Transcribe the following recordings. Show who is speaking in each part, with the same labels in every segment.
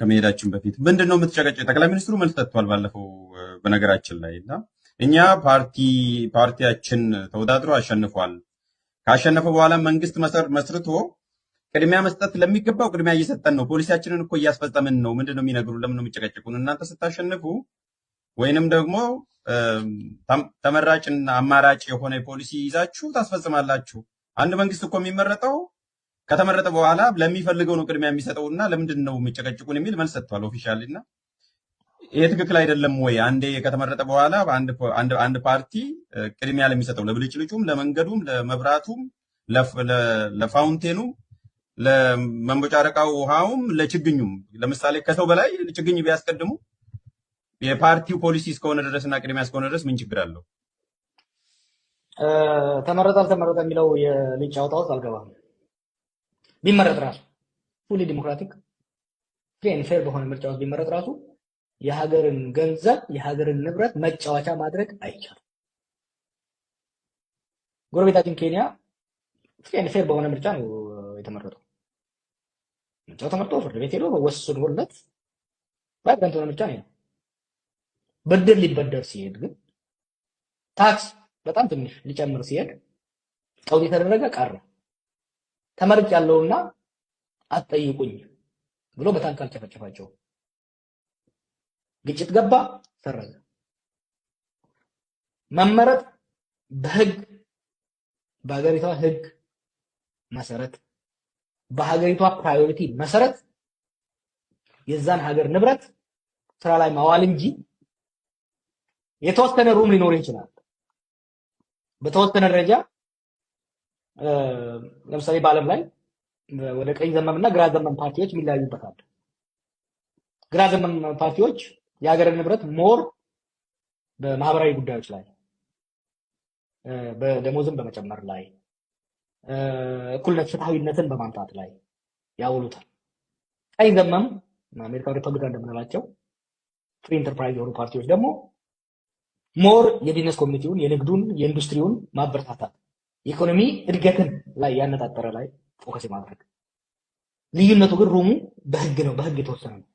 Speaker 1: ከመሄዳችን በፊት ምንድን ነው የምትጨቀጭ? ጠቅላይ ሚኒስትሩ መልስ ሰጥቷል ባለፈው በነገራችን ላይ እና እኛ ፓርቲ ፓርቲያችን ተወዳድሮ አሸንፏል። ካሸነፈ በኋላ መንግስት መስርቶ ቅድሚያ መስጠት ለሚገባው ቅድሚያ እየሰጠን ነው። ፖሊሲያችንን እኮ እያስፈጸምን ነው። ምንድን ነው የሚነግሩ? ለምን ነው የሚጨቀጭቁን? እናንተ ስታሸንፉ ወይንም ደግሞ ተመራጭና አማራጭ የሆነ ፖሊሲ ይዛችሁ ታስፈጽማላችሁ። አንድ መንግስት እኮ የሚመረጠው ከተመረጠ በኋላ ለሚፈልገው ነው ቅድሚያ የሚሰጠው እና ለምንድን ነው የሚጨቀጭቁን የሚል መልስ ሰጥቷል ኦፊሻሊ እና ይሄ ትክክል አይደለም ወይ? አንዴ ከተመረጠ በኋላ አንድ ፓርቲ ቅድሚያ ለሚሰጠው ለብልጭልጩም፣ ለመንገዱም፣ ለመብራቱም፣ ለፋውንቴኑም፣ ለመንበጫረቃው ውሃውም፣ ለችግኙም ለምሳሌ ከሰው በላይ ችግኝ ቢያስቀድሙ የፓርቲው ፖሊሲ እስከሆነ ድረስ እና ቅድሚያ እስከሆነ ድረስ ምን ችግር አለው?
Speaker 2: ተመረጠ አልተመረጠ የሚለው የልጅ አውጣ ውስጥ አልገባም። ቢመረጥ ራሱ ፉሊ ዲሞክራቲክ ፍሪ ኤንድ ፌር በሆነ ምርጫ ውስጥ ቢመረጥ ራሱ የሀገርን ገንዘብ የሀገርን ንብረት መጫወቻ ማድረግ አይቻልም። ጎረቤታችን ኬንያ ፍሪ ኤንድ ፌር በሆነ ምርጫ ነው የተመረጠው። ምርጫው ተመርጦ ፍርድ ቤት ሄዶ ወስኖለት ቫይብረንት የሆነ ምርጫ ነው። ብድር ሊበደር ሲሄድ ግን ታክስ በጣም ትንሽ ሊጨምር ሲሄድ ቀውጥ የተደረገ ቀረ። ተመርቅ ያለውና አትጠይቁኝ ብሎ በታንካል ጨፈጨፋቸው ግጭት ገባ፣ ሰረዘ። መመረጥ በህግ በሀገሪቷ ህግ መሰረት በሀገሪቷ ፕራዮሪቲ መሰረት የዛን ሀገር ንብረት ስራ ላይ ማዋል እንጂ የተወሰነ ሩም ሊኖር ይችላል። በተወሰነ ደረጃ ለምሳሌ በዓለም ላይ ወደ ቀኝ ዘመም እና ግራ ዘመም ፓርቲዎች የሚለያዩበታል። ግራ ዘመም ፓርቲዎች የሀገር ንብረት ሞር በማህበራዊ ጉዳዮች ላይ በደሞዝም በመጨመር ላይ እኩልነት፣ ፍትሐዊነትን በማምጣት ላይ ያውሉታል። ቀኝ ዘመም አሜሪካ ሪፐብሊካን እንደምንላቸው ፍሪ ኢንተርፕራይዝ የሆኑ ፓርቲዎች ደግሞ ሞር የቢዝነስ ኮሚኒቲውን፣ የንግዱን፣ የኢንዱስትሪውን ማበረታታት ኢኮኖሚ እድገትን ላይ ያነጣጠረ ላይ ፎከስ ማድረግ። ልዩነቱ ግን ሩሙ በህግ ነው፣ በህግ የተወሰነ ነው።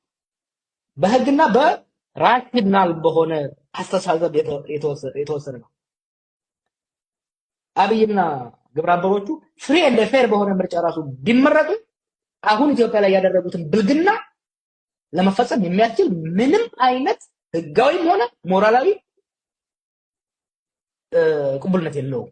Speaker 2: በህግና በራሽናል በሆነ አስተሳሰብ የተወሰነ ነው። አብይና ግብረአበሮቹ ፍሪ እንደ ፌር በሆነ ምርጫ ራሱ ቢመረጡ አሁን ኢትዮጵያ ላይ ያደረጉትን ብልግና ለመፈጸም የሚያስችል ምንም አይነት ህጋዊም ሆነ ሞራላዊ ቅቡልነት የለውም።